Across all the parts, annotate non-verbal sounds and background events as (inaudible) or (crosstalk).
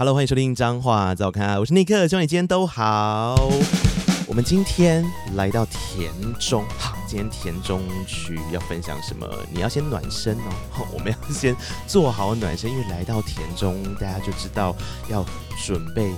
Hello，歡迎收聽《彰話噪咖》，我是尼克，希望你今天都好。 (music) 我們今天來到田中，好，今天田中區要分享什麼？你要先暖身哦，我們要先做好暖身，因為來到田中，大家就知道要準備。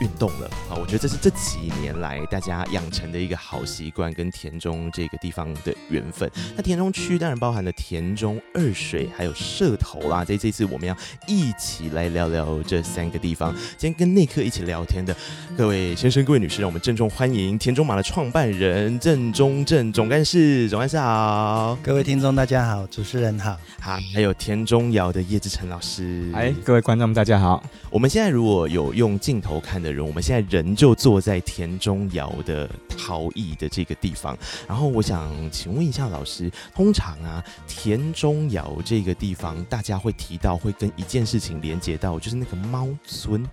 運動了啊！我覺得這是這幾年來大家養成的一個好習慣，跟田中這個地方的緣分。那田中區當然包含了田中、二水，還有社頭啦。所以這，這次我們要一起來聊聊這三個地方。今天跟內克一起聊天的各位先生、各位女士，讓我們鄭重歡迎田中馬的創辦人鄭宗政總幹事。總幹事好，各位聽眾大家好，主持人好，好，還有田中窯的葉志誠老師。哎，各位觀眾們大家好。我們現在如果有用鏡頭看的人，我們現在人就坐在田中窯的陶藝的這個地方。然後我想請問一下老師，通常啊，田中窯這個地方，大家會提到會跟一件事情連接到，就是那個貓村，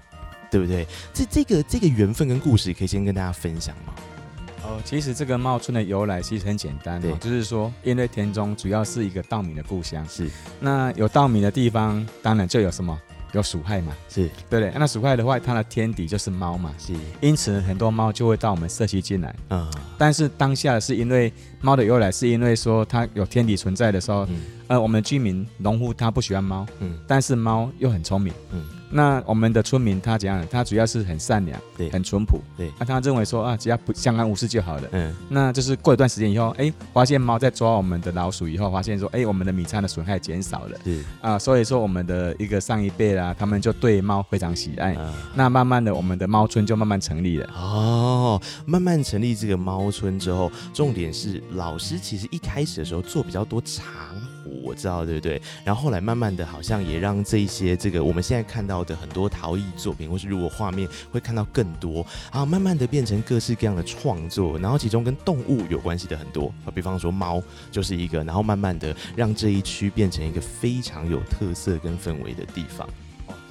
對不對？這這個這個緣分跟故事，可以先跟大家分享嗎？哦，其實這個貓村的由來其實很簡單，哦，的，就是說因為田中主要是一個稻米的故鄉，是那有稻米的地方，當然就有什麼。有鼠害嘛。是。對對，那鼠害的話，它的天敵就是貓嘛。是，因此很多貓就會到我們社區進來。嗯，但是當下是因為貓的由來是因為說它有天敵存在的時候，呃、嗯，而我們居民、農戶他不喜歡貓，嗯，但是貓又很聰明，嗯。那我們的村民他怎樣？他主要是很善良，對，很淳樸，對。那他認為說啊，只要不相安無事就好了。嗯。那就是過一段時間以後，哎，發現貓在抓我們的老鼠以後，發現說，哎，我們的米倉的損害減少了。對。啊，所以說我們的一個上一輩啦，他們就對貓非常喜愛。嗯。那慢慢的，我們的貓村就慢慢成立了。哦，慢慢成立這個貓村之後，重點是老師其實一開始的時候做比較多長。我知道，對不對？然後後來慢慢的，好像也讓這一些這個我們現在看到的很多陶藝作品，或是如果畫面會看到更多啊，然後慢慢的變成各式各樣的創作。然後其中跟動物有關係的很多，比方說貓就是一個。然後慢慢的讓這一區變成一個非常有特色跟氛圍的地方。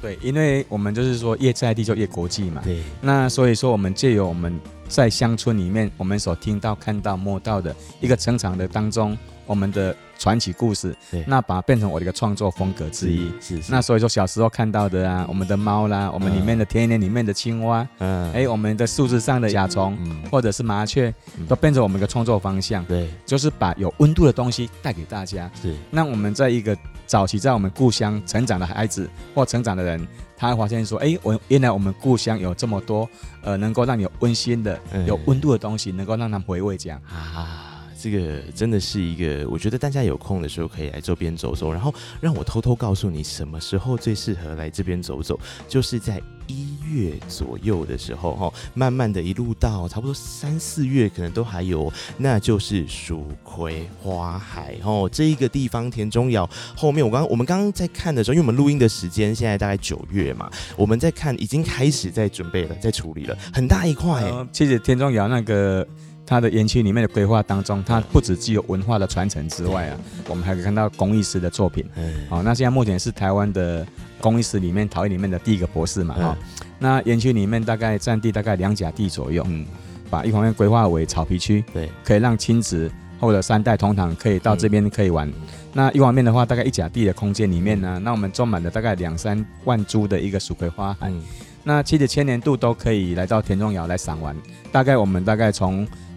對，因為我們就是說越在地就越國際嘛。對。那所以說，我們借由我們在鄉村裡面我們所聽到、看到、摸到的一個成長的當中，我們的。傳奇故事，對，那把它變成我的一個創作風格之一。嗯、是，是，那所以說小時候看到的啊，我們的貓啦，我們裡面的田裡、嗯、裡面的青蛙，嗯，哎、欸，我們的樹枝上的甲蟲、嗯，或者是麻雀，嗯、都變成我們的創作方向。對、嗯，就是把有溫度的東西帶給大家。對，那我們在一個早期在我們故鄉成長的孩子或成長的人，他會發現說，哎、欸，我原來我們故鄉有這麼多，呃，能夠讓你溫馨的、嗯、有溫度的東西，能夠讓他們回味這樣啊。這個真的是一個，我覺得大家有空的時候可以來周邊走走。然後讓我偷偷告訴你，什麼時候最適合來這邊走走，就是在一月左右的時候，哦，慢慢的一路到差不多三四月，可能都還有，那就是蜀葵花海，哦，這一個地方田中瑤田中窯後面我，我剛我們剛剛在看的時候，因為我們錄音的時間現在大概九月嘛，我們在看已經開始在準備了，在處理了很大一塊。謝謝田中窯那個。它的園區裡面的規劃當中，它不只具有文化的傳承之外啊、嗯，我們還可以看到工藝師的作品。好、嗯哦，那現在目前是台灣的工藝師裡面陶藝裡面的第一個博士嘛？哈、哦嗯，那園區裡面大概佔地大概兩甲地左右。嗯，把一方面規劃為草皮區，對、嗯，可以讓親子或者三代同堂可以到這邊可以玩。嗯、那一方面的話，大概一甲地的空間裡面呢，嗯、那我們種滿了大概兩三萬株的一個蜀葵花。嗯，那其實千年度都可以來到田中窯來賞玩。大概我們大概從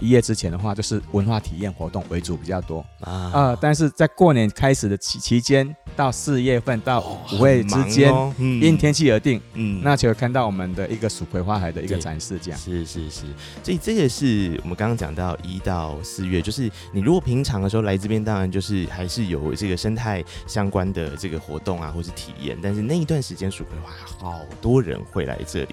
一夜之前的話，就是文化體驗活動為主比較多啊、呃。但是在過年開始的期期間，到四月份到五月之間、哦哦嗯，因天氣而定，嗯，那就看到我們的一個蜀葵花海的一個展示，這樣是是是。所以這也是我們剛剛講到一到四月，就是你如果平常的時候來這邊，當然就是還是有這個生態相關的這個活動啊，或是體驗。但是那一段時間蜀葵花好多人會來這裡，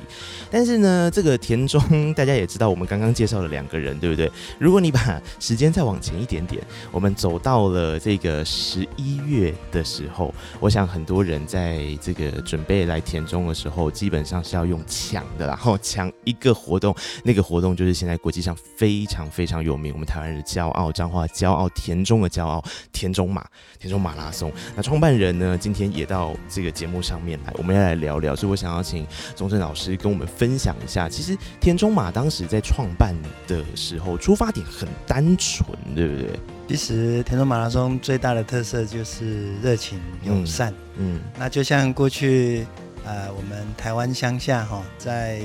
但是呢，這個田中大家也知道，我們剛剛介紹了兩個人，對不對？對，如果你把時間再往前一點點，我們走到了這個十一月的時候，我想很多人在這個準備來田中的時候，基本上是要用搶的，然後搶一個活動，那個活動就是現在國際上非常非常有名，我們台灣人的驕傲，彰化驕傲，田中的驕傲，田中馬田中馬拉松。那創辦人呢，今天也到這個節目上面來，我們要來聊聊，所以我想要請宗政老師跟我們分享一下，其實田中馬當時在創辦的時候。出發點很單純，對不對？其實田中馬拉松最大的特色就是熱情友善，嗯。嗯，那就像過去啊、呃，我們台灣鄉下哈，在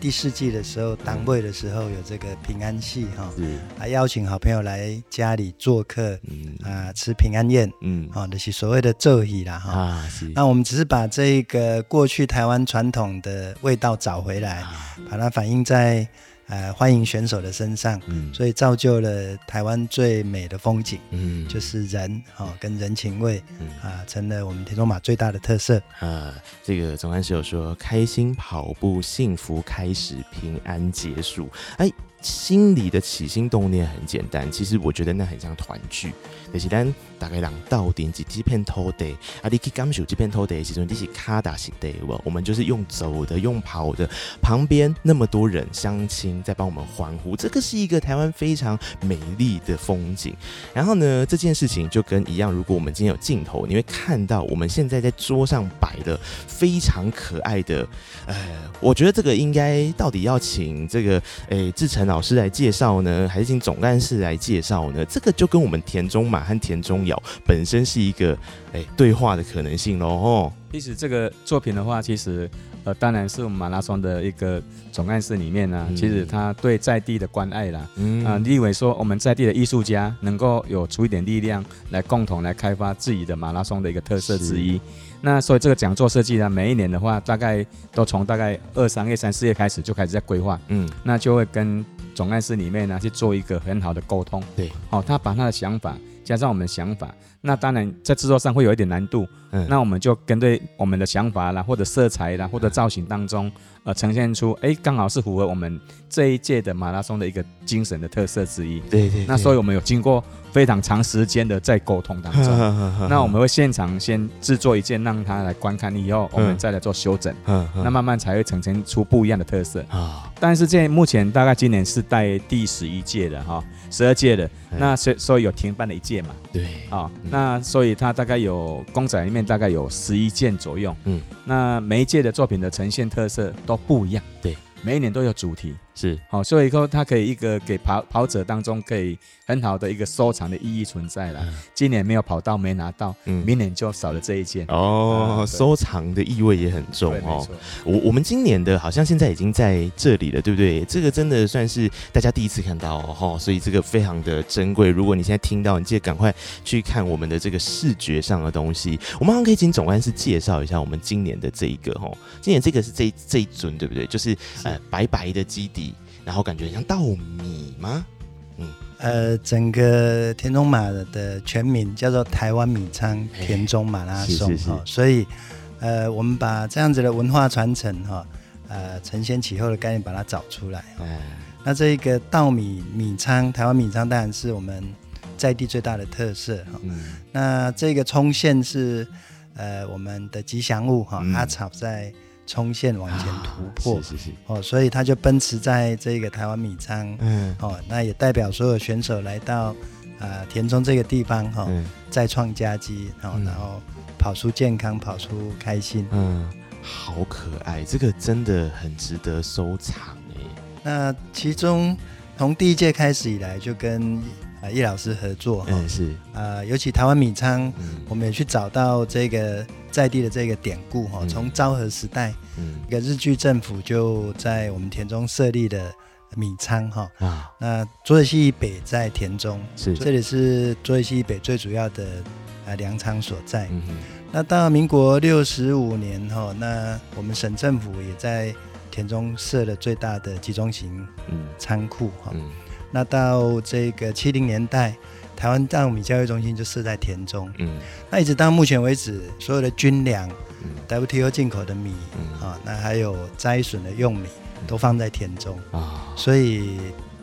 第四季的時候，當位的時候有這個平安戲哈，啊，邀請好朋友來家裡做客，啊、嗯呃，吃平安宴，嗯，就是、啊，那些所謂的咒椅啦哈。那我們只是把這一個過去台灣傳統的味道找回來，啊、把它反映在。呃，歡迎選手的身上，嗯、所以造就了台灣最美的風景，嗯，就是人啊、哦、跟人情味，啊、嗯呃，成了我們田中馬最大的特色。呃，這個總幹事有說，開心跑步，幸福開始，平安結束，哎。心裡的起心動念很簡單，其實我覺得那很像團聚。但是咱大概講到底，是這片土地，阿、啊、你去感受這片土地的其中這些卡達時代，我們就是用走的，用跑的，旁邊那麼多人鄉親在幫我們歡呼，這個是一個台灣非常美麗的風景。然後呢，這件事情就跟一樣，如果我們今天有鏡頭，你會看到我們現在在桌上擺的非常可愛的，呃，我覺得這個應該到底要請這個，誒、欸、志誠啊。老師來介紹呢，還是請總幹事來介紹呢？這個就跟我們田中馬和田中窯本身是一個、欸、對話的可能性嘍哦，其實這個作品的話，其實呃當然是我們馬拉松的一個總幹事裡面呢、啊嗯，其實他對在地的關愛啦，嗯、啊，你以為說我們在地的藝術家能夠有出一點力量來共同來開發自己的馬拉松的一個特色之一。那所以這個講座設計呢，每一年的話大概都從大概二三月、三四月開始就開始在規劃，嗯，那就會跟。總幹事裡面呢，去做一個很好的溝通，對，哦，他把他的想法加上我們的想法，那當然在製作上會有一點難度，嗯，那我們就根據我們的想法啦，或者色彩啦，或者造型當中。嗯呃，呈現出哎，剛、欸、好是符合我們這一屆的馬拉松的一個精神的特色之一。對對、對。那所以我們有經過非常長時間的在溝通當中， (laughs) 那我們會現場先製作一件讓他來觀看，以後、嗯、我們再來做修整，嗯、那慢慢才會呈現出不一樣的特色啊。嗯、但是這目前大概今年是第十一屆的哈，十二屆的，那所所以有停辦了一屆嘛。對啊、哦，那所以它大概有公仔裡面大概有十一件左右。嗯，那每一屆的作品的呈現特色，都。不一樣，對，每一年都有主題。是好、哦，所以說它可以一個給跑跑者當中可以很好的一個收藏的意義存在了、嗯。今年沒有跑到，沒拿到，嗯、明年就少了這一件、嗯嗯、哦。收藏的意味也很重哦。我我們今年的好像現在已經在這裡了，對不對？這個真的算是大家第一次看到哦，哦，所以這個非常的珍貴。如果你現在聽到，你記得趕快去看我們的這個視覺上的東西。我們好像可以請總幹事介紹一下我們今年的這一個哦，今年這個是這一這一尊對不對？就是，是呃白白的基底。然後感覺像稻米嗎？嗯，呃，整個田中馬的、的全名叫做台灣米倉田中馬拉松哈、欸哦，所以呃，我們把這樣子的文化傳承哈，呃，承先啟後的概念把它找出來。欸、那這一個稻米米倉，台灣米倉當然是我們在地最大的特色哈、嗯哦。那這個衝線是呃我們的吉祥物哈，阿、啊嗯、草在。衝線往前突破，啊是是是，哦，所以他就奔馳在這個台灣米倉，嗯，哦，那也代表所有選手來到啊，呃，田中這個地方，哈，哦嗯，再創佳績，哦嗯，然後跑出健康，跑出開心，嗯，好可愛，這個真的很值得收藏，欸，那其中從第一屆開始以來，就跟。葉老師合作哈、欸、是啊、呃，尤其台灣米倉、嗯，我們也去找到這個在地的這個典故哈。從昭和時代，嗯、一個日據政府就在我們田中設立了米倉哈。啊，那、呃、濁水溪以北在田中，是這裡是濁水溪以北最主要的糧倉、呃、所在、嗯。那到民國六十五年哈、哦，那我們省政府也在田中設了最大的集中型倉庫哈。嗯嗯那到這個七零年代，台灣大米交易中心就設在田中，嗯，那一直到目前為止，所有的軍糧、嗯、WTO 進口的米，啊、嗯哦，那還有災損的用米、嗯，都放在田中啊，所以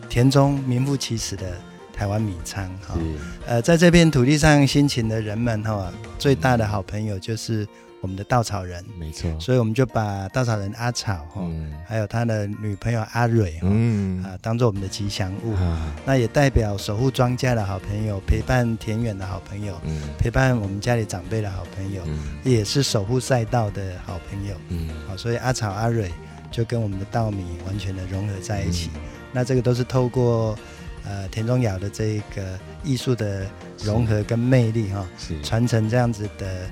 田中名副其實的台灣米倉，哈、哦，呃，在這片土地上辛勤的人們，哈、哦，最大的好朋友就是，我們的稻草人，沒錯，所以我們就把稻草人阿草、嗯、還有他的女朋友阿蕊哈，啊、嗯呃，當做我們的吉祥物、啊、那也代表守護莊稼的好朋友，陪伴田園的好朋友、嗯，陪伴我們家裡長輩的好朋友，嗯、也是守護賽道的好朋友。嗯，好，所以阿草阿蕊就跟我們的稻米完全的融合在一起。嗯、那這個都是透過、呃、田中窯的這個藝術的融合跟魅力哈，傳承這樣子的。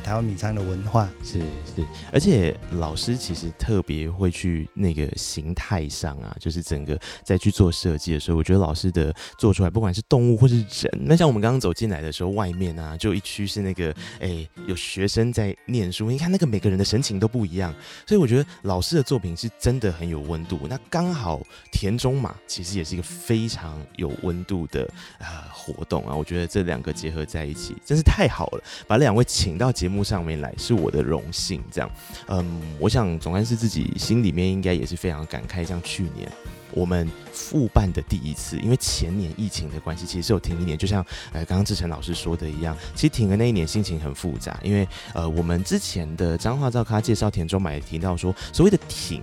台灣米倉的文化是是，是，而且老師其實特別會去那個形態上啊，就是整個在去做設計的時候，我覺得老師的做出來，不管是動物或是人，那像我們剛剛走進來的時候，外面啊就一區是那個哎、欸、有學生在念書，你看那個每個人的神情都不一樣，所以我覺得老師的作品是真的很有溫度。那剛好田中馬其實也是一個非常有溫度的啊、呃、活動啊，我覺得這兩個結合在一起真是太好了，把兩位請到。節目上面來，是我的榮幸，這樣，嗯，我想總算是自己心裡面應該也是非常感慨，像去年我們復辦的第一次，因為前年疫情的關係，其實是有停一年，就像呃剛剛志成老師說的一樣，其實停的那一年心情很複雜，因為呃我們之前的彰話噪咖介紹田中馬提到說，所謂的停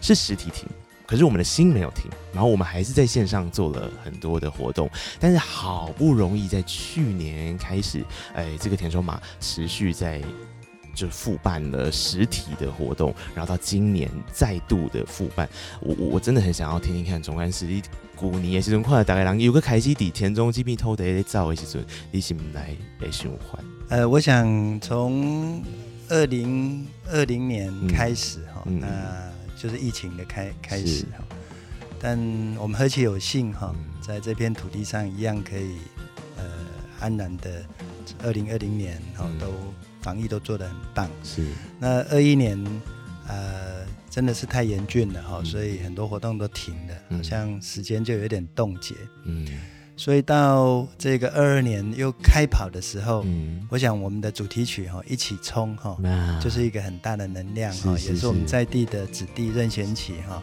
是實體停。可是我們的心沒有停，然後我們還是在線上做了很多的活動，但是好不容易在去年開始，哎，這個田中馬持續在就復辦了實體的活動，然後到今年再度的復辦，我我我真的很想要聽聽看，總幹事，你過年的時候看到大概人有個開機底，田中這邊偷的在走的時陣，你是來來循環？呃，我想從二零二零年開始哈，那、嗯。就是疫情的開開始哈，但我們何其有幸哈、嗯，在這片土地上一樣可以呃安然的2020。二零二零年哈，都防疫都做得很棒。是那二一年呃真的是太嚴峻了哈、嗯，所以很多活動都停了，嗯、好像時間就有點凍結。嗯。所以到這個二二年又開跑的時候、嗯，我想我們的主題曲哈、哦、一起衝哈、哦，就是一個很大的能量哈、哦，也是我們在地的子弟任賢齊哈，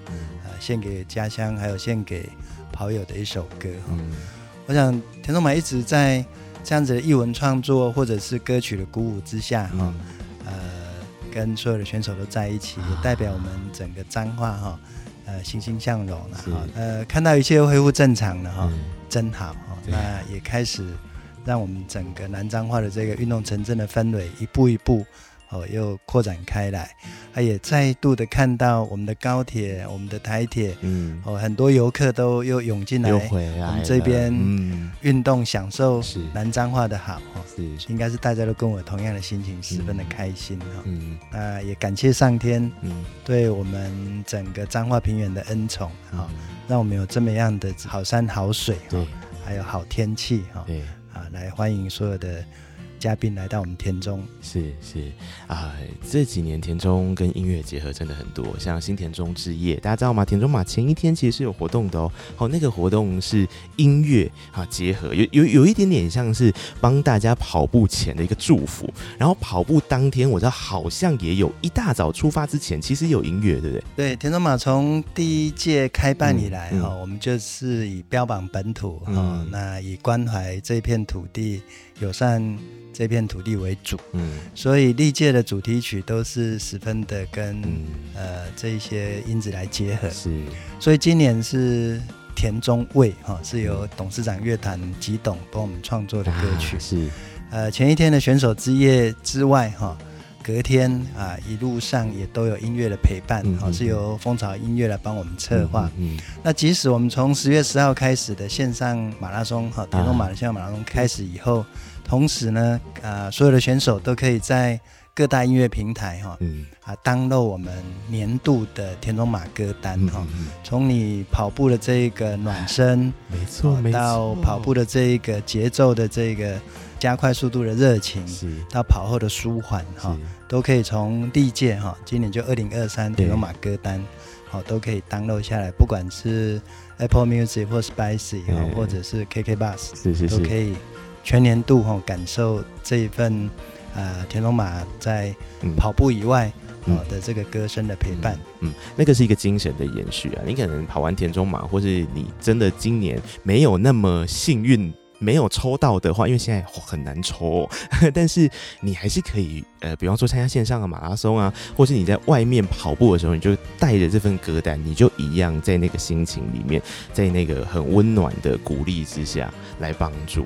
獻給家鄉還有獻給跑友的一首歌哈、哦嗯。我想田中馬一直在這樣子的藝文創作或者是歌曲的鼓舞之下哈、哦嗯，呃，跟所有的選手都在一起，啊、也代表我們整個彰化哈。呃，欣欣向榮了哈，呃，看到一切又恢復正常了。哈、嗯，真好，哦，那也開始讓我們整個南彰化的這個運動城鎮的氛圍一步一步哦，又擴展開來。也再度的看到我們的高鐵，我們的台鐵，嗯，哦，很多遊客都又湧進來，我們這邊運動、享受、南彰化的好，嗯、是、應該是大家都跟我同樣的心情，十分的開心哈，嗯、哦、嗯、啊，也感謝上天，對我們整個彰化平原的恩寵、嗯哦、讓我們有這麼樣的好山好水，還有好天氣哈，對、哦，啊，來歡迎所有的。嘉賓來到我們田中。是是啊、呃，這幾年田中跟音樂結合真的很多，像新田中之夜，大家知道嗎？田中馬前一天其實是有活動的哦，好、哦，那個活動是音樂啊結合，有有有一點點像是幫大家跑步前的一個祝福，然後跑步當天，我知道好像也有一大早出發之前，其實有音樂，對不對？對，田中馬從第一屆開辦以來哈、嗯嗯哦，我們就是以標榜本土哈、嗯哦，那以關懷這片土地。友善這片土地為主，嗯，所以歷屆的主題曲都是十分的跟、嗯、呃這一些因子來結合、嗯，是，所以今年是田中衛哈，是由董事長樂團吉董幫我們創作的歌曲、啊，是，呃，前一天的選手之夜之外哈。隔天啊，一路上也都有音樂的陪伴，好、嗯嗯嗯哦、是由蜂巢音樂來幫我們策劃。嗯嗯嗯，那即使我們從十月十號開始的線上馬拉松，哈、啊、田中馬的線上馬拉松開始以後，啊、同時呢，啊所有的選手都可以在各大音樂平台哈、嗯、啊 download 我們年度的田中馬歌單哈、嗯嗯嗯啊，從你跑步的這一個暖身，哎、沒錯、啊，到跑步的這一個節奏的這個。加快速度的熱情是，到跑後的舒緩哈，都可以從歷屆哈，今年就二零二三田中馬歌單，好都可以 download 下來，不管是 Apple Music 或 Spotify 或者是 KKBOX 都可以全年度哈感受這一份呃、田中馬在跑步以外，喔、的這個歌聲的陪伴嗯嗯。嗯，那個是一個精神的延續啊，你可能跑完田中馬，或是你真的今年沒有那麼幸運。沒有抽到的話，因為現在很難抽哦，但是你還是可以，呃，比方說參加線上的馬拉松啊，或是你在外面跑步的時候，你就帶着這份歌單，你就一樣在那個心情裡面，在那個很溫暖的鼓勵之下來幫助。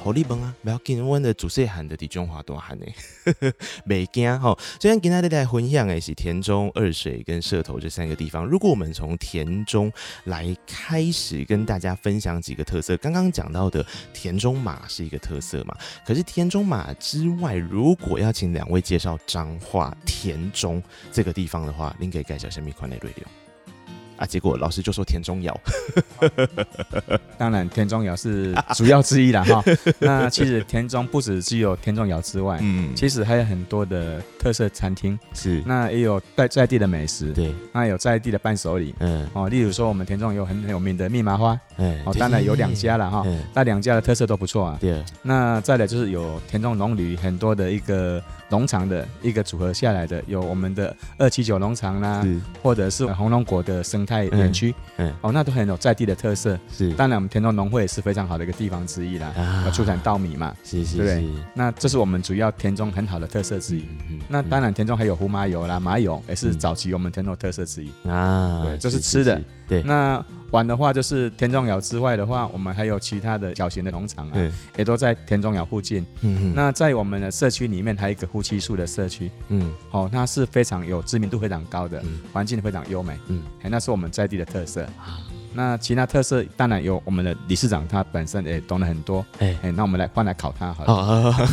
好哩笨啊，不要緊，我的主持人呵呵、哦、我們的祖籍漢的中華多漢呢，未驚吼。今天跟大家來分享的是田中、二水跟社頭這三個地方。如果我們從田中來開始跟大家分享幾個特色，剛剛講到的田中馬是一個特色嘛，可是田中馬之外，如果要請兩位介紹彰化田中這個地方的話，您可以介紹下面款內容。啊！結果老師就說田中窯， (laughs) 當然田中窯是主要之一了哈。啊、那其實田中不只只、只有田中窯之外，嗯，其實還有很多的特色餐廳，是那也有在在地的美食，對，那有在地的伴手禮，嗯哦，例如說我們田中有很有名的蜜麻花，嗯哦，當然有兩家了哈，那、嗯、兩家的特色都不錯啊，對。那再來就是有田中農旅很多的一個。農場的一個組合下來的，有我們的二七九農場啦，或者是紅龍果的生態園區，哦，那都很有在地的特色。是，當然我們田中農會也是非常好的一個地方之一啦，啊，出產稻米嘛，是是是，對，那這是我們主要田中很好的特色之一是是是。那當然田中還有胡麻油啦，麻油也是早期我們田中特色之一啊、嗯，對，這、就是吃的是是是，對，那。玩的話，就是田中窯之外的話，我們還有其他的小型的農場啊，也都在田中窯附近。嗯，那在我們的社區裡面，還有一個夫妻樹的社區。嗯，好，哦，那是非常有知名度，非常高的，嗯，環境非常優美。嗯，那是我們在地的特色。嗯那其他特色當然有我們的理事長，他本身也、欸、懂了很多，欸欸、那我們來換來考他好了。好好好好 (laughs)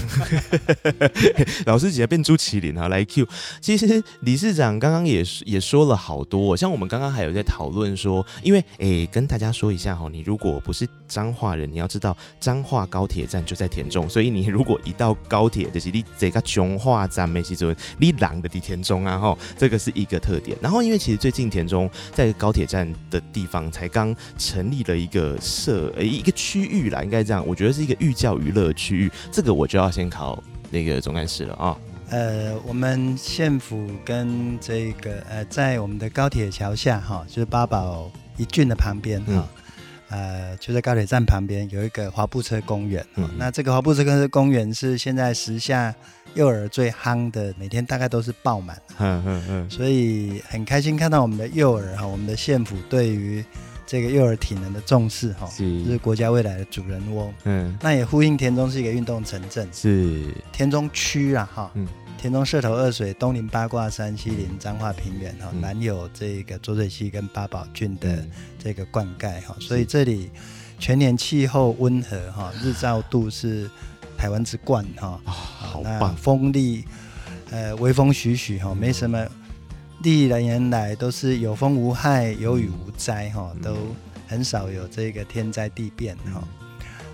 (laughs) 老師姐變朱麒麟哈？來 Q。其實理事長剛剛也也說了好多、哦，像我們剛剛還有在討論說，因為誒、欸、跟大家說一下哈、哦，你如果不是。彰化人，你要知道彰化高鐵站就在田中，所以你如果一到高鐵，就是你這個彰化站，沒事做，你懶的地田中啊，哈，這個是一個特點。然後，因為其實最近田中在高鐵站的地方才剛成立了一個社、呃，一個區域啦。應該這樣，我覺得是一個寓教於樂區域，這個我就要先考那個總幹事了啊。呃，我們縣府跟這個呃，在我們的高鐵橋下哈，就是八堡一圳的旁邊哈、嗯嗯呃，就在高鐵站旁邊有一個滑步車公園，嗯，那這個滑步車公園是現在時下幼兒最夯的，每天大概都是爆滿，嗯嗯嗯，所以很開心看到我們的幼兒哈，我們的縣府對於這個幼兒體能的重視哈，是，哦，就是國家未來的主人翁，嗯，那也呼應田中是一個運動城鎮，是田中區啊哈，哦，嗯。田中社頭二水東臨八卦山，西臨彰化平原哈、嗯，南有這個濁水溪跟八寶郡的這個灌溉哈、嗯，所以這裡全年氣候溫和哈，日照度是台灣之冠哈、啊哦啊，那風力呃微風徐徐哈，沒什麼歷來年來都是有風無害，有雨無災哈，都很少有這個天災地變哈。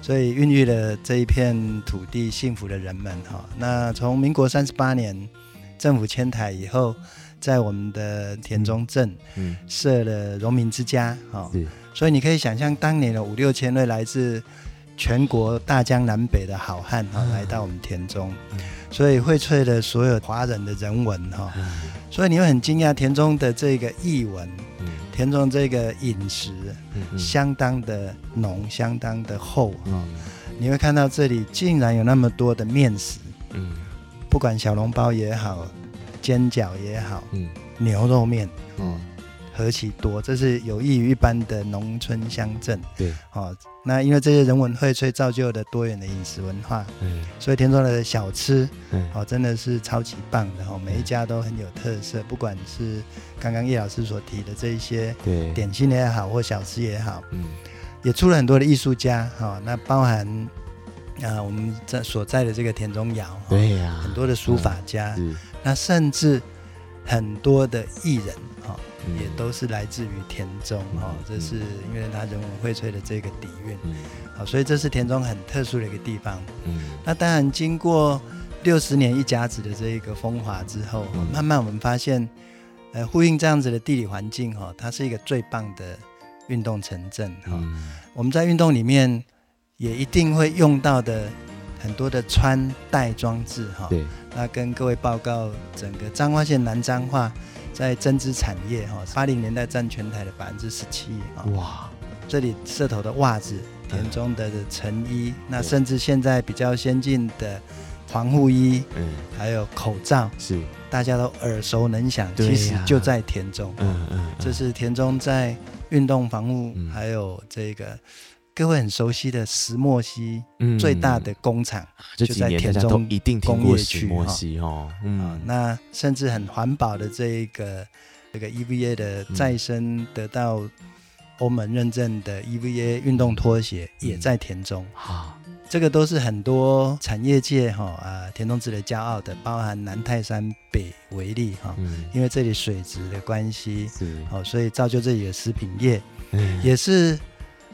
所以孕育了這一片土地幸福的人們哈、哦。那從民國三十八年政府遷台以後，在我們的田中鎮設、嗯嗯、了榮民之家哈、哦。所以你可以想象當年的五六千位來自。全國大江南北的好漢哈，來到我們田中，嗯、所以薈萃了所有華人的人文哈、嗯，所以你會很驚訝田中的這個藝文、嗯，田中的這個飲食相當的濃，嗯嗯、相當的厚、嗯、你會看到這裡竟然有那麼多的麵食，嗯、不管小籠包也好，煎餃也好、嗯，牛肉麵、嗯何其多！這是有益於一般的農村鄉鎮。對哦，那因為這些人文薈萃造就的多元的飲食文化，嗯，所以田中的小吃，嗯，哦，真的是超級棒的哦，每一家都很有特色、嗯。不管是剛剛葉老師所提的這一些，對，點心也好，或小吃也好，嗯，也出了很多的藝術家，哈、哦，那包含啊、呃，我們在所在的這個田中窯、哦，對呀！啊，很多的書法家、嗯嗯，那甚至很多的藝人。嗯、也都是來自於田中哈、嗯嗯，這是因為它人文薈萃的這個底蘊，好、嗯哦，所以這是田中很特殊的一個地方。嗯、那當然，經過六十年一甲子的這一個風華之後、哦嗯，慢慢我們發現，呃，呼應這樣子的地理環境哈、哦，它是一個最棒的運動城鎮哈、哦嗯。我們在運動裡面也一定會用到的很多的穿戴裝置哈、哦。那跟各位報告整個彰化縣南彰化。在針織產業哈，八零年代佔全台的百分之十七哇，這裡社頭的襪子，田中的，的成衣、嗯，那甚至現在比較先進的防護衣、嗯，還有口罩，是大家都耳熟能詳、啊，其實就在田中，嗯嗯，嗯，這是田中在運動防護、嗯，還有這個。各位很熟悉的石墨烯最大的工廠、嗯，就在田中一定工業區哈。啊、哦嗯哦，那甚至很環保的這一個這個 EVA 的再生得到歐盟認證的 EVA 運動拖鞋也在田中。嗯嗯嗯、哈，這個都是很多產業界哈啊、哦、田中值得驕傲的，包含南泰山北為例哈、哦嗯，因為這裡水質的關係，是哦、所以造就這裡的食品業、嗯、也是。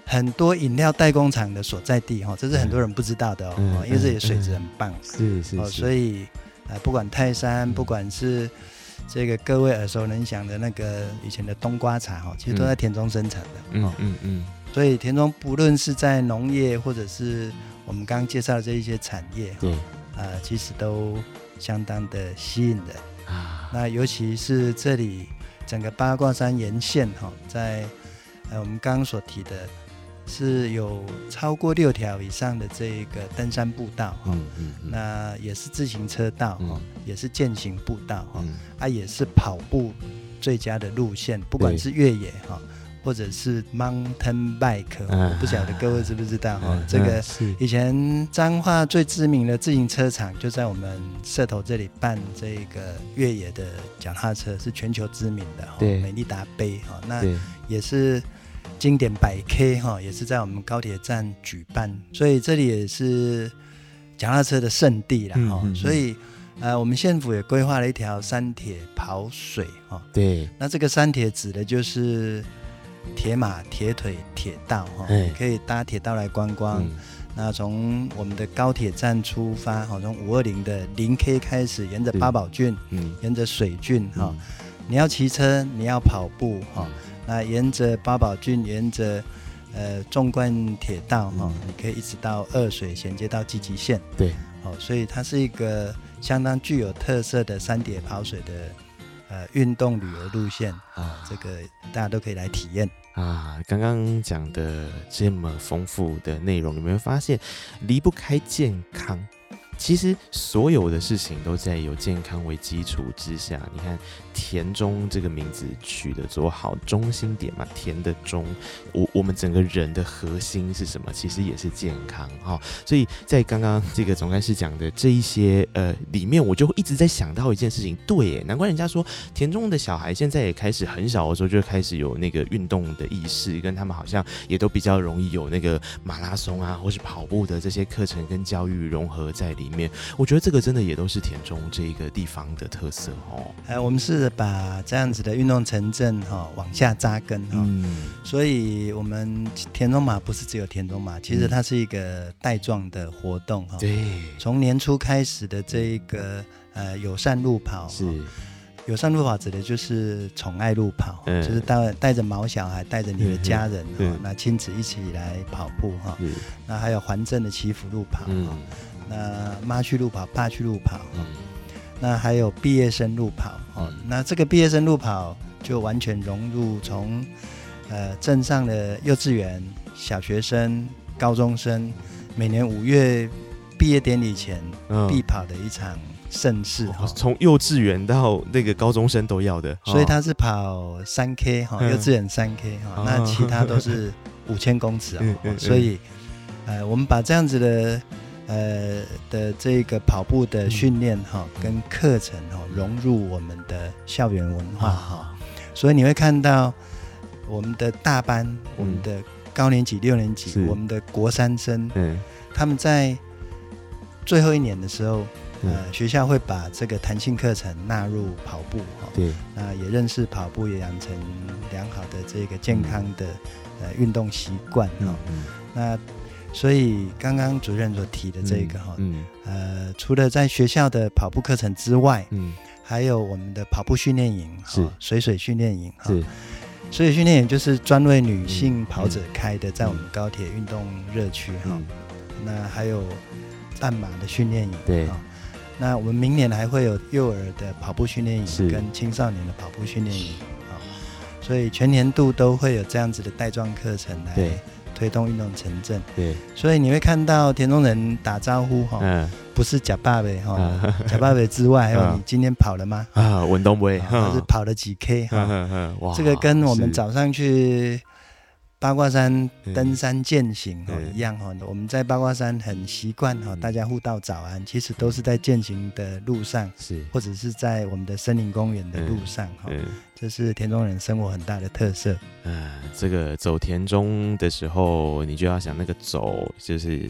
很多飲料代工廠的所在地，哈，這是很多人不知道的哦、嗯，因為這裡水質很棒，是、嗯、是、嗯、所以，不管泰山、嗯，不管是這個各位耳熟能詳的那個以前的冬瓜茶，哈，其實都在田中生產的，嗯嗯嗯，嗯，所以田中不論是在農業，或者是我們剛剛介紹的這一些產業，對，啊，其實都相當的吸引人啊，那尤其是這裡整個八卦山沿線，哈，在呃我們剛剛所提的。是有超過六條以上的這一個登山步道、哦嗯嗯，那也是自行車道，嗯、也是健行步道、哦，哈、嗯，啊，也是跑步最佳的路線，不管是越野、哦，哈，或者是 mountain bike，、哦啊、我不曉得各位知不知道、哦，哈、啊，這個是以前彰化最知名的自行車廠就在我們社頭這裡辦這個越野的腳踏車，是全球知名的、哦，對，美利達杯、哦，哈，那也是。經典百 K 哈，也是在我們高鐵站舉辦，所以這裡也是腳踏車的聖地了哈。嗯嗯，所以，呃，我們縣府也規劃了一條三鐵跑水哈。對。那這個三鐵指的就是鐵馬、鐵腿、鐵道哈，可以搭鐵道來觀光。嗯、那從我們的高鐵站出發哈，從五二零的零 K 開始，沿着八寶圳，圳，嗯，沿着水圳哈、嗯，你要騎車，你要跑步哈。那沿着八堡圳，沿着呃縱貫鐵道啊、哦嗯，你可以一直到二水，銜接到集集線。對，哦，所以它是一個相當具有特色的山地跑水的呃運動旅遊路線、呃、啊，這個大家都可以來體驗啊。剛剛講的這麼豐富的內容，有沒有發現離不開健康？其實所有的事情都在有健康為基礎之下。你看田中這個名字取得多好，中心點嘛，田的中，我我們整個人的核心是什麼？其實也是健康哈、哦。所以在剛剛這個總幹事講的這一些呃裡面，我就一直在想到一件事情，對耶，難怪人家說田中的小孩現在也開始很小的時候就開始有那個運動的意識，跟他們好像也都比較容易有那個馬拉松啊，或是跑步的這些課程跟教育融合在裡面。裡面，我覺得這個真的也都是田中這一個地方的特色哦。哎、呃，我們是把這樣子的運動城鎮哈、哦、往下紮根哈、哦。嗯。所以，我們田中馬不是只有田中馬，其實它是一個帶狀的活動哈、哦。對、嗯。從年初開始的這一個呃友善路跑、哦，是。友善路跑指的就是寵愛路跑、哦嗯，就是帶帶着毛小孩，帶着你的家人哈、哦嗯，那親子一起來跑步哈、哦。那還有環鎮的祈福路跑、哦嗯那媽去路跑，爸去路跑，嗯、那還有畢業生路跑、哦、那這個畢業生路跑就完全融入從，呃，鎮上的幼稚園、小學生、高中生，每年五月畢業典禮前、嗯、必跑的一場盛事。從、哦哦、幼稚園到那個高中生都要的，哦、所以他是跑三 K 哈，幼稚園三 K 哈，那其他都是五千公尺啊、嗯嗯嗯哦。所以、呃，我們把這樣子的。呃的這個跑步的訓練哈，跟課程哈、哦、融入我們的校園文化哈、啊，所以你會看到我們的大班，嗯、我們的高年級、六、嗯、年級，我們的國三生、嗯，他們在最後一年的時候，呃，嗯、學校會把這個彈性課程納入跑步哈、哦，那也認識跑步，也養成良好的這個健康的呃運、嗯、動習慣哈，那。所以剛剛主任所提的這個哈、哦嗯嗯，呃，除了在學校的跑步課程之外，嗯、還有我們的跑步訓練營哈、哦，水水訓練營哈、哦。水所以訓練營就是專為女性跑者開的，在我們高鐵運動熱區哈、哦嗯嗯。那還有半馬的訓練營、哦。對、嗯。那我們明年還會有幼兒的跑步訓練營跟青少年的跑步訓練營、哦、所以全年度都會有這樣子的帶狀課程來。推動運動城鎮，對，所以你會看到田中人打招呼哈、嗯，不是呷飽未哈，呷飽未之外、嗯，還有你今天跑了嗎？啊，運、啊、動不會、啊？還是跑了幾 K 哈、啊啊啊啊啊？這個跟我們早上去。八卦山登山健行、嗯嗯、一樣哈、哦，我們在八卦山很習慣哈，大家互道早安，其實都是在健行的路上，是、嗯、或者是在我們的森林公園的路上、嗯嗯、這是田中人生活很大的特色、呃、這個走田中的時候，你就要想那個走就是。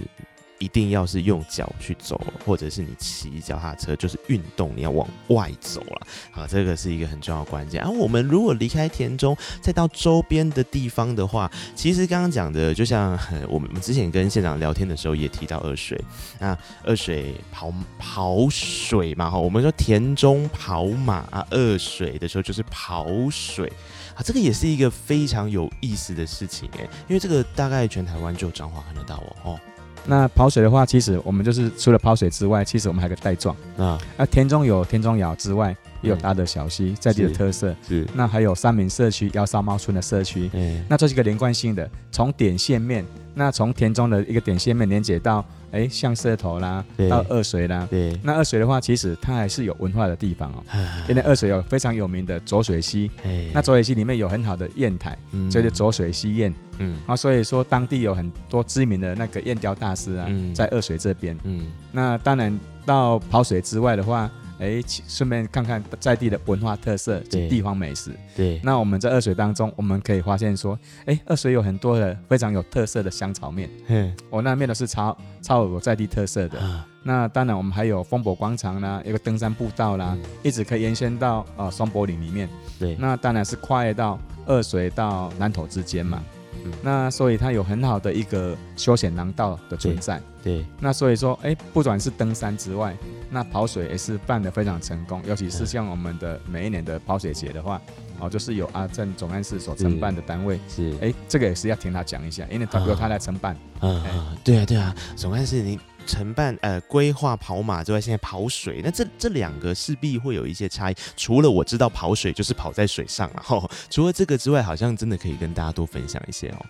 一定要是用腳去走，或者是你騎腳踏車，就是運動，你要往外走了啊，這個是一個很重要的關鍵而、啊、我們如果離開田中，再到周邊的地方的話，其實剛剛講的，就像我們之前跟縣長聊天的時候也提到二水，那二水跑跑水嘛哈，我們說田中跑馬啊，二水的時候就是跑水啊，這個也是一個非常有意思的事情誒、欸。因為這個大概全台灣就彰化看得到哦、喔。喔那跑水的話，其實我們就是除了跑水之外，其實我們還可以帶狀，啊啊，田中有田中窯之外。嗯、有大的小溪，在地的特色是，是那還有三明社區窯燒貓村的社區，嗯，那這是一個連貫性的，從點線面，那從田中的一個點線面連接到，哎、欸，像社頭啦，到二水啦，對，那二水的話，其實它還是有文化的地方哦、喔啊，因為二水有非常有名的濁水溪，嗯、那濁水溪裡面有很好的硯台、嗯，就是濁水溪硯，嗯，啊，所以說當地有很多知名的那個硯雕大師啊，嗯、在二水這邊，嗯，那當然到跑水之外的話。哎，順便看看在地的文化特色及地方美食。對，那我們在二水當中，我們可以發現說，哎，二水有很多的非常有特色的香草麵。嘿，哦，那麵的是超超有在地特色的。啊、那當然，我們還有豐柏廣場啦，一個登山步道啦，嗯、一直可以延伸到呃松柏嶺裡面。對，那當然是跨越到二水到南投之間嘛。嗯嗯、那所以它有很好的一個休閒廊道的存在，對，對。那所以說，哎，不管是登山之外，那跑水也是辦得非常成功，尤其是像我們的每一年的跑水節的話，哦，就是有阿正總幹事所承辦的單位，是，哎，這個也是要聽他講一下，因為他由他來承辦。嗯、啊啊，對啊，對啊，總幹事你。承辦呃規劃跑馬之外，現在跑水，那這這兩個勢必會有一些差異。除了我知道跑水就是跑在水上了，然、哦、後除了這個之外，好像真的可以跟大家多分享一些哦。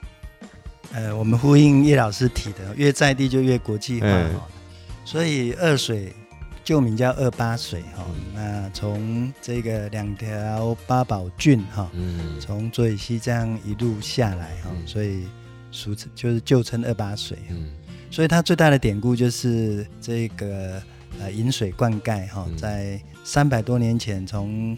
呃，我們呼應葉老師提的，越在地就越國際化、嗯、所以二水舊名叫二八水哈、哦嗯，那從這個兩條八堡圳哈、哦，嗯，從最西藏一路下來哈、哦嗯，所以俗稱就是舊稱二八水嗯。所以它最大的典故就是這個呃引水灌溉哈、哦嗯，在三百多年前從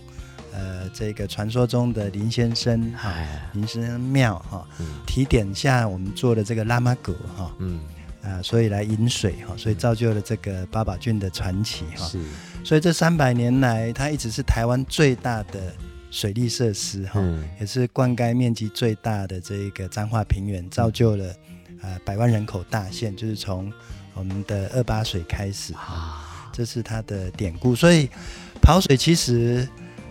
呃這個傳說中的林先生哈、哦哎、林先生廟哈、哦嗯、提點下，我們做的這個拉瑪閣哈嗯啊、呃，所以來引水哈、哦，所以造就了這個八堡圳的傳奇哈、嗯哦。是，所以這三百年來，它一直是台灣最大的水利設施哈、哦嗯，也是灌溉面積最大的這個彰化平原，造就了。呃，百萬人口大縣就是從我們的二八水開始啊，這是它的典故。所以跑水其實，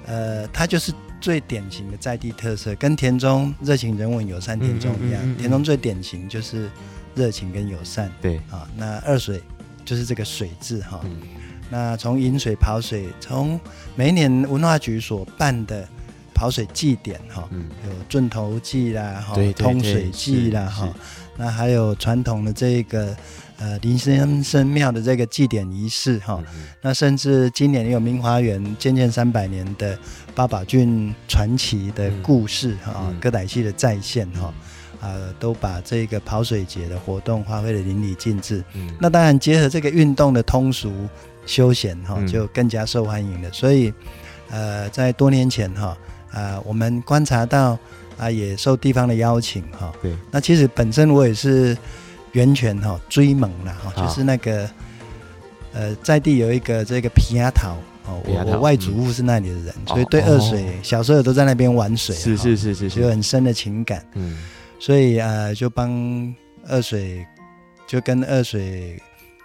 呃，它就是最典型的在地特色，跟田中熱情、人文、友善田中一樣嗯嗯嗯嗯嗯。田中最典型就是熱情跟友善。對啊，那二水就是這個水字哈、嗯。那從飲水、跑水，從每一年文化局所辦的跑水祭典哈、嗯，有圳頭祭啦，哈，通水祭啦，哈。那還有傳統的這個呃林先生廟的這個祭典儀式哈、嗯，嗯、那甚至今年也有明華園建縣三百年的八堡圳傳奇的故事哈歌仔戲的再現哈，呃，都把這個跑水節的活動發揮得淋漓盡致，嗯。嗯、那當然結合這個運動的通俗休閒哈，就更加受歡迎了。所以呃，在多年前哈、呃，我們觀察到。啊，也受地方的邀請哈、喔。對。那其實本身我也是源泉哈、喔，追夢了哈、喔啊，就是那個、呃、在地有一個這個皮亞桃哦，我外祖父是那裡的人，嗯、所以對二水、哦、小時候都在那邊玩水，是是是是，有很深的情感。嗯。所以、呃、就幫二水就跟二水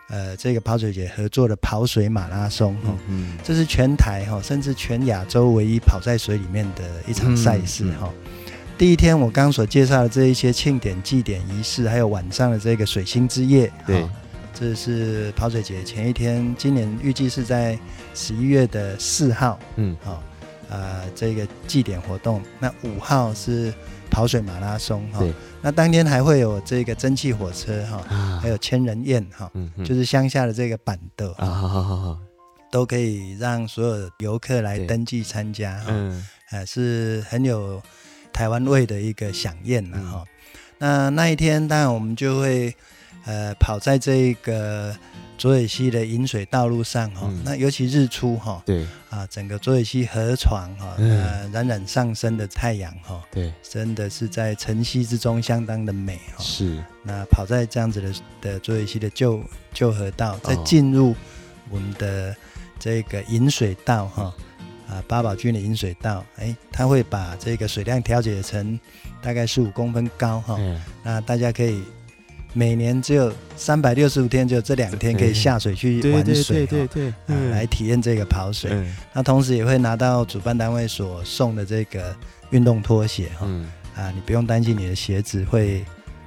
呃這個跑水節合作的跑水馬拉松哈、嗯嗯，這是全台哈、喔，甚至全亞洲唯一跑在水裡面的一場賽事哈。嗯嗯嗯第一天，我剛所介紹的這一些慶典祭典儀式，還有晚上的這個水星之夜，對，這是跑水節前一天。今年預計是在十一月的四號，嗯、呃，這個祭典活動，那五號是跑水馬拉松，哈，那當天還會有這個蒸汽火車，哈，還有千人宴，哈、嗯，就是鄉下的這個板凳，啊好好好，都可以讓所有遊客來登記參加，嗯呃、是很有。台灣味的一個饗宴哈、嗯，那那一天當然我們就會，呃，跑在這一個濁水溪的引水道路上，哈、嗯，那尤其日出，哈，對，啊，整個濁水溪河床，哈，呃，冉冉上升的太陽，哈，對，真的是在晨曦之中相當的美，哈，是，那跑在這樣子的的濁水溪的舊舊河道，再進入我們的這個引水道，哈。啊，八堡圳的引水道誒，它會把這個水量調節成大概十五公分高哈、哦嗯。那大家可以每年只有三百六十五天，只有這兩天可以下水去玩水，欸，對對對，對，對，啊嗯，來體驗這個跑水、嗯。那同時也會拿到主辦單位所送的這個運動拖鞋哈，哦嗯。啊，你不用擔心你的鞋子會。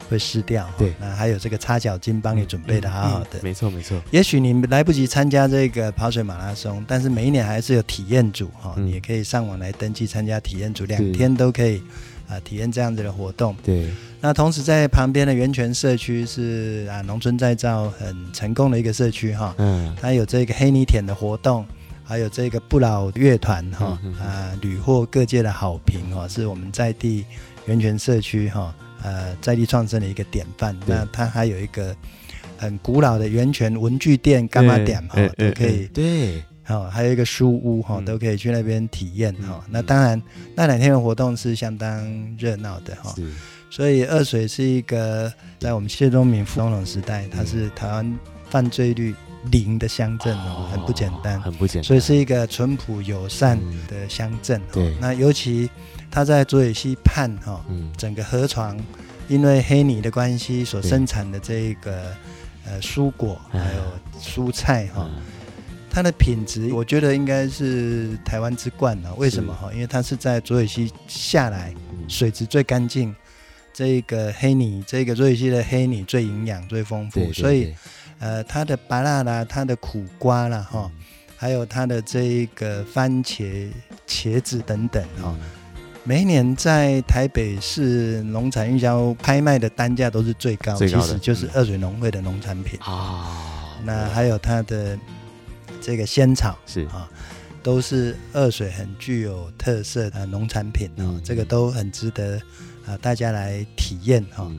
會濕掉，對，那還有這個擦腳巾幫你準備的好好的，嗯嗯嗯、沒錯沒錯。也許你來不及參加這個跑水馬拉松，但是每一年還是有體驗組哈、哦嗯，你也可以上網來登記參加體驗組，兩天都可以啊、呃，體驗這樣子的活動。對，那同時在旁邊的源泉社區是啊、呃，農村再造很成功的一個社區哈、哦，嗯，它有這個黑泥田的活動，還有這個不老樂團哈，啊、呃，屢、嗯嗯嗯呃、獲各界的好評哈、哦，是我們在地源泉社區哈。哦呃，在地創生的一個典範。那它還有一個很古老的源泉文具店、欸、幹嘛點、欸哦欸、都可以、欸、對。好、哦，還有一個書屋哈、哦嗯，都可以去那邊體驗哈、嗯哦。那當然，那兩天的活動是相當熱鬧的哈、哦。所以，二水是一個在我們謝東閔副總統時代，它、嗯、是台灣犯罪率。零的鄉鎮哦，很不簡單、哦哦哦，很不簡單，所以是一個淳樸友善的鄉鎮、嗯哦。對，那尤其他在濁水溪畔哈，整個河床因為黑泥的關係，所生產的這個呃蔬果還有蔬菜哈，它、嗯哦嗯、的品質我覺得應該是台灣之冠了、哦。為什麼哈？因為它是在濁水溪下來、嗯、水質最乾淨，這個黑泥，這個濁水溪的黑泥最營養最豐富，所以。呃，它的芭樂啦，它的苦瓜啦，哈，還有它的這一個番茄、茄子等等，哈、嗯，每一年在台北市農產運銷拍賣的單價都是最高，最高，其實就是二水農會的農產品啊、嗯。那還有它的這個仙草是啊，都是二水很具有特色的農產品哦，這個都很值得啊大家來體驗哈、嗯，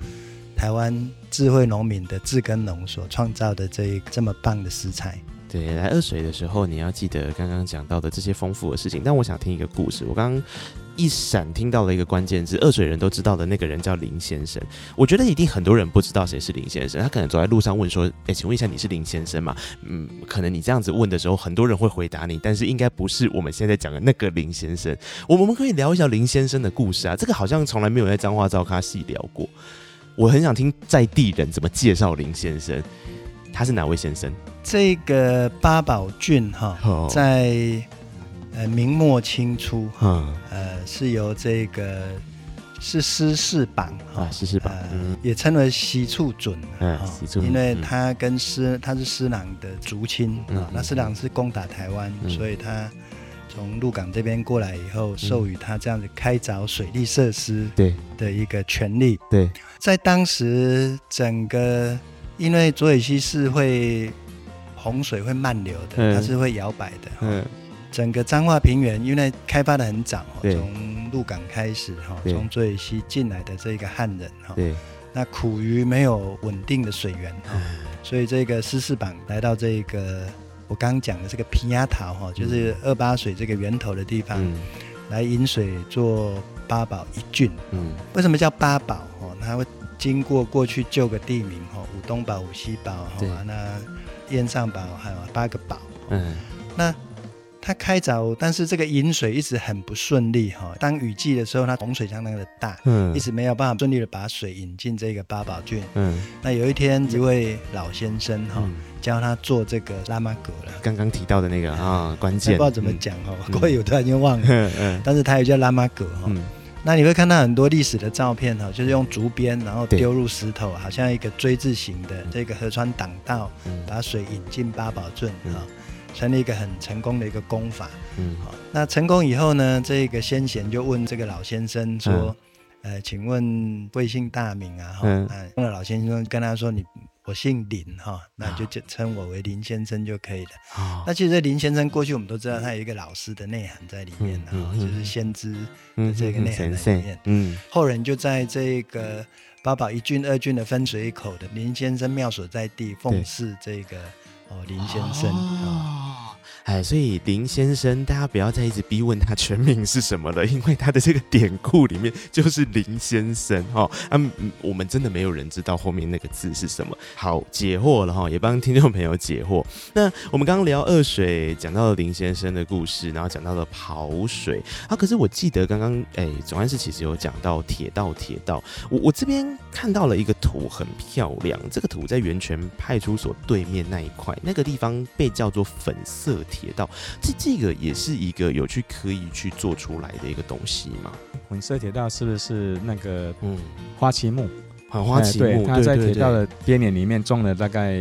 台灣。智慧農民的自耕農所創造的這一這麼棒的食材。對，來二水的時候，你要記得剛剛講到的這些豐富的事情。但我想聽一個故事。我剛剛一閃聽到了一個關鍵字，二水人都知道的那個人叫林先生。我覺得一定很多人不知道誰是林先生。他可能走在路上問說：“哎，請問一下，你是林先生嗎？”嗯，可能你這樣子問的時候，很多人會回答你，但是應該不是我們現在講的那個林先生。我們可以聊一下林先生的故事啊，這個好像從來沒有在彰化噪咖細聊過。我很想聽在地人怎麼介紹林先生，他是哪位先生？這個八堡圳哈，在、呃、明末清初，嗯、呃是由這個是施世榜，也稱為施厝圳，、嗯啊、圳，因為他跟、嗯、他是施琅的族親啊，那施琅是攻打台灣、嗯，所以他從鹿港這邊過來以後、嗯，授予他這樣子開鑿水利設施對的一個權利對。對在當時，整個因為濁水溪是會洪水會漫流的、嗯，它是會搖擺的。嗯。整個彰化平原，因為開發的很早，從鹿港開始哈，從濁水溪進來的這個漢人哈，對。那苦於沒有穩定的水源哈，所以這個施世榜來到這個我剛講的這個鼻仔頭哈，就是二八水這個源頭的地方，嗯、來引水做八堡一圳、嗯。為什麼叫八堡？他會經過過去舊個地名吼、哦，武東堡、武西堡吼、哦，那燕上堡還、哦、有八個堡、哦。嗯，那他開鑿，但是這個引水一直很不順利哈、哦。當雨季的時候，它洪水相當的大，嗯，一直沒有辦法順利的把水引進這個八堡圳。嗯，那有一天一位老先生哈、哦嗯、教他做這個拉嘛狗了，剛剛提到的那個啊、哦，關鍵不知道怎麼講哦，過、嗯、有突然間忘了，嗯， (laughs) 但是他也叫拉嘛狗哈。嗯那你會看到很多歷史的照片哈、哦，就是用竹編，然後丟入石頭，好像一個錐字形的這個河川擋道，嗯、把水引進八堡圳哈、嗯哦，成立一個很成功的一個工法。嗯，好、哦，那成功以後呢，這個先賢就問這個老先生說：“嗯、呃，請問貴姓大名啊？”哈、哦嗯，那老先生跟他說：“你。”我姓林哈，那就稱我為林先生就可以了、哦。那其實林先生過去我們都知道，他有一個老師的內涵在裡面、嗯嗯嗯，就是先知的這個內涵裡面嗯嗯嗯。嗯，後人就在這個八堡一圳、二圳的分水口的林先生廟所在地，奉祀這個哦林先生哎，所以林先生，大家不要再一直逼問他全名是什麼了，因為他的這個典故裡面就是林先生哈、啊。嗯，我們真的沒有人知道後面那個字是什麼。好，解惑了哈，也幫聽眾朋友解惑。那我們剛剛聊二水，講到了林先生的故事，然後講到了跑水啊。可是我記得剛剛哎，總幹事其實有講到鐵道，鐵道。我我這邊看到了一個圖，很漂亮。這個圖在源泉派出所對面那一塊，那個地方被叫做粉色。鐵道，這這個也是一個有去可以去做出來的一個東西嘛。粉色鐵道是不是那個嗯花旗木？粉、嗯啊、花旗木、哎對對對對，它在鐵道的邊緣裡面種了大概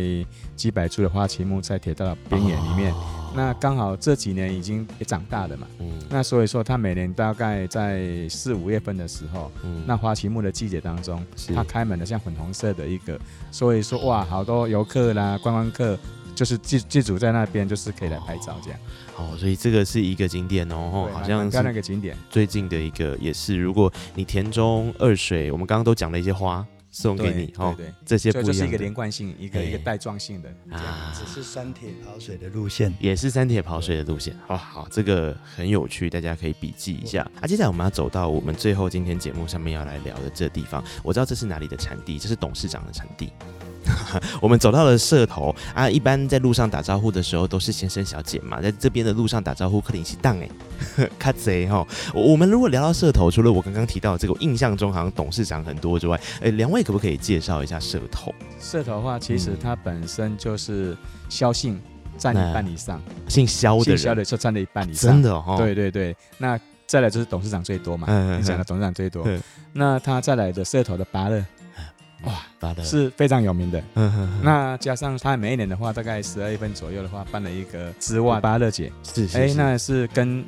幾百株的花旗木，在鐵道的邊緣裡面、啊。那剛好這幾年已經也長大了嘛。嗯、那所以說，它每年大概在四五月份的時候，嗯、那花旗木的季節當中，它開門的像粉紅色的一個，所以說哇，好多遊客啦，觀光客。就是住劇組在那邊，就是可以來拍照這樣。哦，所以這個是一個景點哦，好、哦、像是那個景點最近的一個也是。如果你田中二水，我們剛剛都講了一些花送給你，對，對，對、哦，這些不一樣。就是一個連貫性，一個、欸、一個帶狀性的這樣、啊，只是三鐵跑水的路線，也是三鐵跑水的路線。好好，這個很有趣，大家可以筆記一下、嗯。啊，接下來我們要走到我們最後今天節目上面要來聊的這地方，我知道這是哪裡的產地，這是董事長的產地。 (laughs) 我們走到了社頭啊，一般在路上打招呼的時候都是先生、小姐嘛，在這邊的路上打招呼客氣一些，欸，哎，卡賊哈。我們如果聊到社頭，除了我剛剛提到的這個，印象中好像董事長很多之外，哎、欸，兩位可不可以介紹一下社頭？社頭的話，其實他本身就是蕭姓占一半以上，嗯、姓蕭的，肖蕭的占了一半以上，啊、真的哈、哦。對對對，那再來就是董事長最多嘛，嗯、呵呵你講的董事長最多，那他再來的社頭的芭樂。哇、哦，芭樂是非常有名的、嗯呵呵。那加上他每一年的話，大概十二月份左右的話，辦了一個織襪芭樂節。是,是,是，哎，那是跟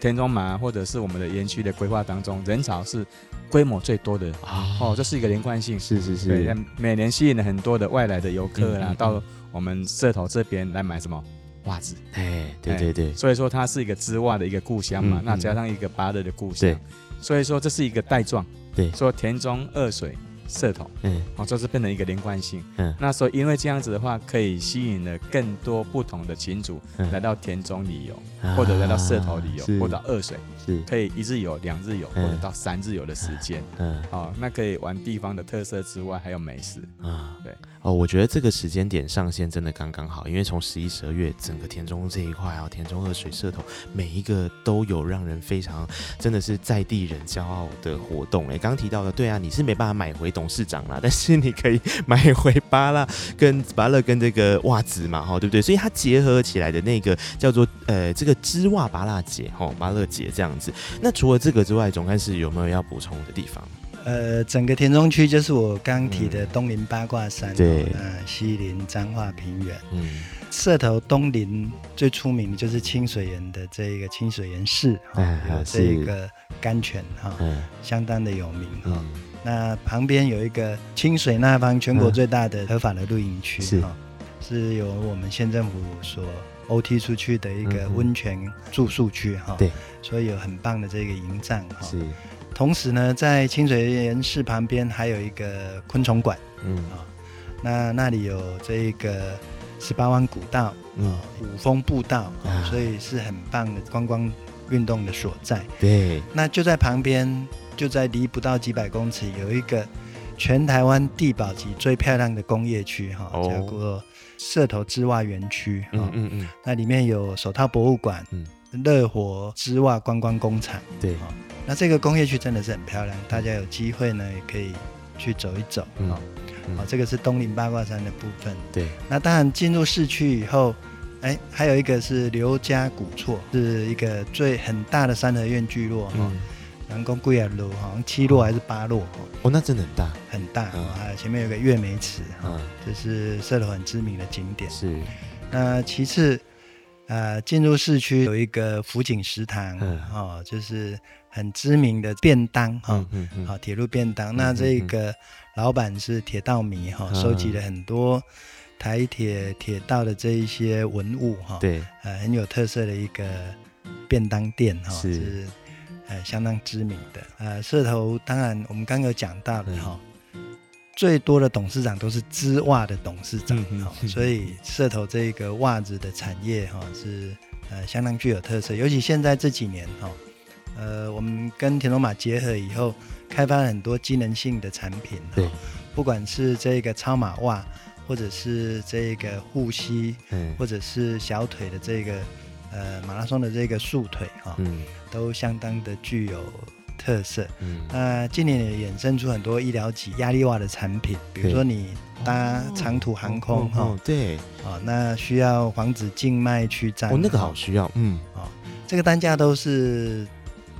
田中馬或者是我們的園區的規劃當中，人潮是規模最多的哦,哦，這是一個連貫性，是是是，對，每年吸引了很多的外來的遊客啦、啊嗯嗯嗯嗯，到我們社頭這邊來買什麼襪子。哎，對對對，所以說它是一個織襪的一個故鄉嘛。嗯嗯那加上一個芭樂的故鄉，對，所以說這是一個帶狀。對，說田中二水。社頭，嗯、欸，好、哦，這、就是變成一個連貫性，嗯，那所以因為這樣子的話，可以吸引了更多不同的群組來到田中旅遊、嗯，或者來到社頭旅遊、啊，或者，到或者到二水，可以一日遊、兩日遊、嗯，或者到三日遊的時間，嗯，好、嗯哦，那可以玩地方的特色之外，還有美食，啊、嗯，對。哦，我覺得這個時間點上線真的剛剛好，因為從十一、十二月，整個田中這一塊啊、哦，田中、二水、社頭，每一個都有讓人非常真的是在地人驕傲的活動。誒，剛提到的，對啊，你是沒辦法買回董事長啦，但是你可以買回芭樂跟芭樂跟這個襪子嘛，哈，對不對？所以它結合起來的那個叫做呃這個織襪芭樂節，哈、哦，芭樂節這樣子。那除了這個之外，總幹事有沒有要補充的地方？呃，整個田中區就是我剛提的東臨八卦山，嗯、對，哦、西臨彰化平原。嗯，社頭東臨最出名的就是清水岩的這一個清水岩寺，有、哎、這一個甘泉哈、哦嗯，相當的有名哈、嗯哦。那旁邊有一個清水那方全國最大的合法的露營區哈、嗯哦，是由我們縣政府所 OT 出去的一個溫泉住宿區哈、嗯嗯。對、哦，所以有很棒的這個營帳哈。嗯同時呢，在清水岩寺旁邊還有一個昆蟲館，嗯、哦、那那裡有這一個十八彎古道，五、嗯哦、峰步道、啊哦，所以是很棒的觀光運動的所在。對，那就在旁邊，就在離不到幾百公尺，有一個全台灣地寶級最漂亮的工業區哈、哦哦，叫做社頭織襪園區。嗯嗯,嗯那裡面有手套博物館，樂、嗯、活織襪觀光工廠。對、哦那這個工業區真的是很漂亮，大家有機會呢也可以去走一走哈。啊、嗯哦嗯哦，這個是東林八卦山的部分。對。那當然進入市區以後，哎，還有一個是劉家古厝，是一個最很大的三合院聚落哈。南宮貴耳樓好像七落還是八落，嗯，哦，那真的很大，很大。哦、前面有一個月眉池哈，這，哦哦就是社頭很知名的景點。是。那其次。呃，進入市區有一個福井食堂、嗯，哦，就是很知名的便當，哈、哦，好、嗯嗯嗯哦、鐵路便當、嗯。那這個老板是鐵道迷，哈、哦嗯，收集了很多台鐵鐵道的這一些文物，哈、嗯哦，對、呃，很有特色的一個便當店，哈、哦，是、就是呃，相當知名的。呃，社頭當然我們剛，剛有講到的，哈、嗯。最多的董事長都是織襪的董事長，嗯哼哼，所以社頭這個襪子的產業哈是相當具有特色，尤其現在這幾年哈、呃，我們跟田中馬結合以後，開發了很多機能性的產品，對，不管是這個超馬襪，或者是這個護膝，或者是小腿的這個、呃、馬拉松的這個束腿哈，都相當的具有特色，嗯，那、呃、近年也衍生出很多醫療級壓力襪的產品，比如說你搭長途航空，哈、哦哦嗯哦，對，啊、呃，那需要防止靜脈曲張。哦，那個好需要，嗯，呃、這個單價都是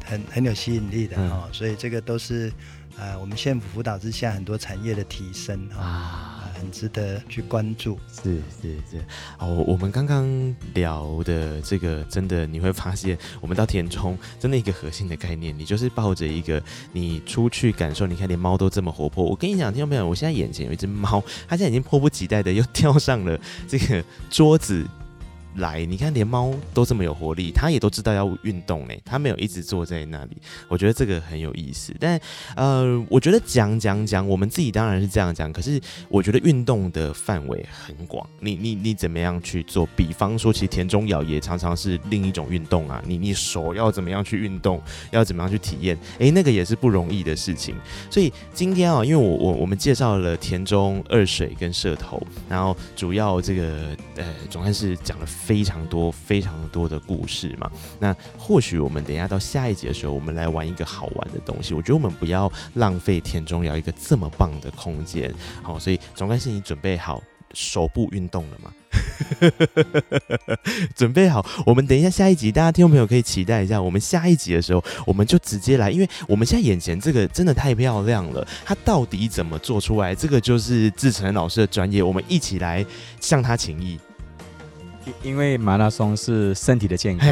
很很有吸引力的，哈、呃嗯，所以這個都是，呃，我們縣府輔導之下很多產業的提升，呃、啊。很值得去關注，是是是。哦，我們剛剛聊的這個，真的你會發現，我們到田中真的一個核心的概念，你就是抱着一個，你出去感受，你看連貓都這麼活潑。我跟你講，聽到沒有？我現在眼前有一隻貓，它現在已經迫不及待的又跳上了這個桌子。來，你看，連貓都這麼有活力，他也都知道要運動哎，他沒有一直坐在那裡，我覺得這個很有意思。但，呃，我覺得講講講，我們自己當然是這樣講，可是我覺得運動的範圍很廣，你你你怎麼樣去做？比方說，其實田中窯也常常是另一種運動啊，你你手要怎麼樣去運動，要怎麼樣去體驗，哎，那個也是不容易的事情。所以今天啊、哦，因為我我我們介紹了田中二水跟社頭，然後主要這個呃，總算是講了。非常多、非常多的故事嘛。那或許我們等一下到下一集的時候，我們來玩一個好玩的東西。我覺得我們不要浪費田中窯一個這麼棒的空間。好，所以總幹事你準備好手部運動了嗎？ (laughs) 準備好。我們等一下下一集，大家聽眾朋友可以期待一下。我們下一集的時候，我們就直接來，因為我們現在眼前這個真的太漂亮了。它到底怎麼做出來？這個就是志誠老師的專業，我們一起來向他請益。因為馬拉松是身體的健康，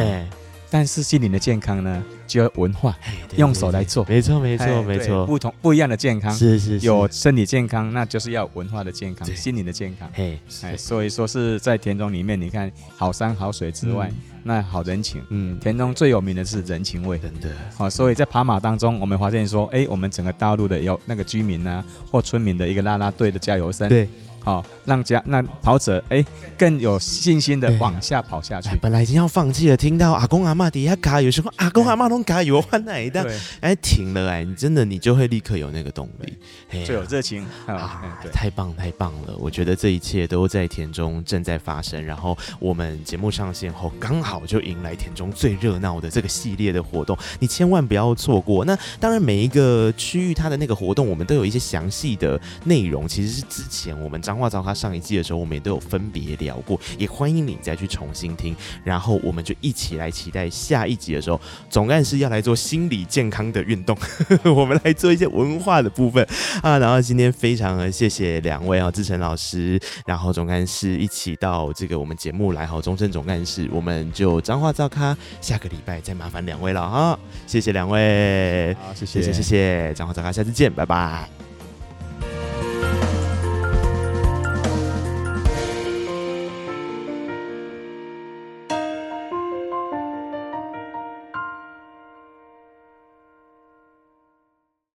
但是心靈的健康呢，就要文化，對對對，用手來做。沒錯，沒錯，沒錯。不同不一樣的健康，是是、是。有身體健康，那就是要文化的健康，心靈的健康。哎哎，所以說是在田中裡面，你看好山好水之外，嗯，那好人情。嗯，田中最有名的是人情味，真的。好、啊，所以在跑馬當中，我們發現說，哎、欸，我們整個道路的有那個居民呢、啊，或村民的一個拉拉隊的加油聲。對。好、哦，讓家讓跑者，哎、欸、更有信心的往下跑下去。欸、本來已經要放棄了，聽到阿公阿嬤底下卡，有什麼阿公阿嬤攏卡，有換奶的，哎、欸、停了哎、欸，你真的你就會立刻有那個動力，啊、最有熱情啊，啊，對，太棒太棒了！我覺得這一切都在田中正在發生。然後我們節目上線後，剛好就迎來田中最熱鬧的這個系列的活動，你千萬不要錯過。那當然，每一個區域它的那個活動，我們都有一些詳細的內容，其實是之前我們招。彰話噪咖，上一季的時候我們也都有分別聊過，也歡迎你再去重新聽，然後我們就一起來期待下一集的時候，總幹事要來做心理健康的運動， (laughs) 我們來做一些文化的部分啊。然後今天非常謝謝兩位啊、哦，志誠老師，然後總幹事一起到這個我們節目來、哦，好，宗政總幹事，我們就彰話噪咖，下個禮拜再麻煩兩位了哈，謝謝兩位，好，謝謝謝謝謝謝，彰話噪咖，下次見，拜拜。